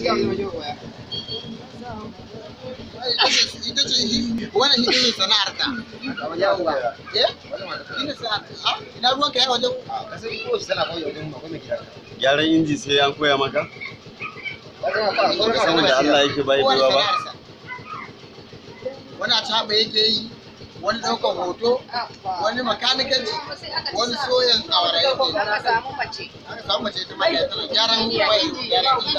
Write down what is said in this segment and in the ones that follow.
wani ta gyaran inji sai koya maka da Allah yake bai biwa ba wani yake yi wani ɗaukar hoto wani makanikanci wani soyan tsawara yake yi samu mace samu mace ta mai gyaran wai gyaran inji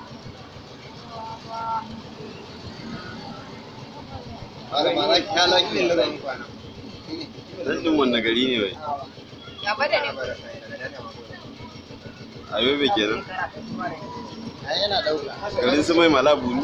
Nan wanne gari ne bai? A kenan. Garin su mai malabu ne?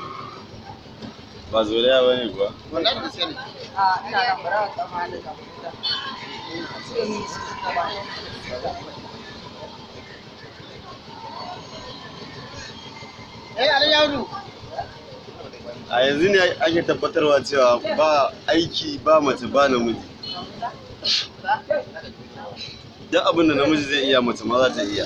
ba zuriya ba ne kuwa a ina nan eh, a yanzu ne ake tabbatarwa cewa ba aiki ba mace ba namiji duk abin da namiji zai iya mace ma za ta iya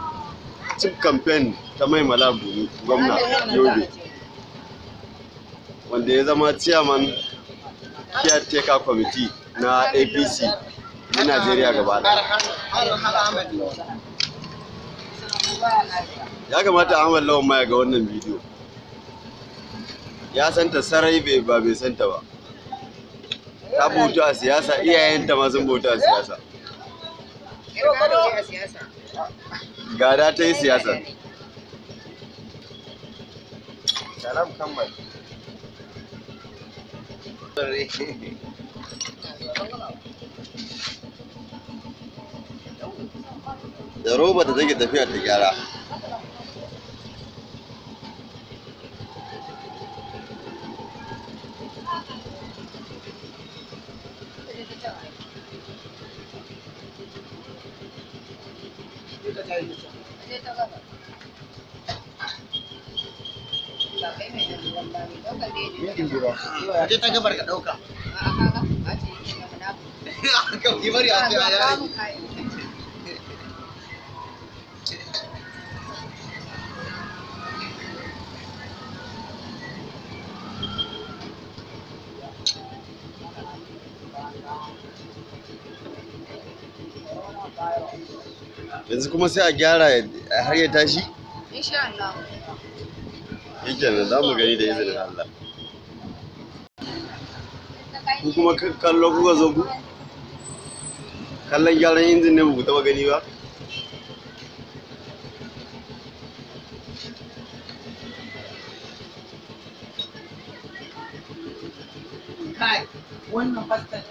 cin kamfen ta mai malabu gwamna yobe wanda ya zama chairman caretaker committee na apc na najeriya gaba ya kamata ahmad lawan maya ga wannan bidiyo ya santa sarai bai ba bai santa ba ta bautu a siyasa iyayenta ma sun bautu a siyasa gada ta yi siyasa salam kammal da roba da ke tafiya ta gyara Je ta gabar ka ɗauka. A'a, ka ga, yanzu kuma sai a gyara har ya tashi? insha Allah yake nan za mu gani da izinin Allah ku kuma kallo kuka zo ku kallon gyaran injin ne ku taba gani ba kai wannan fasta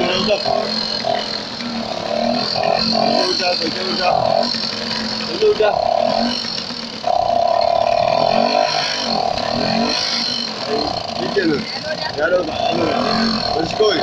udah udah udah udah udah 見てるやろうかあのすごい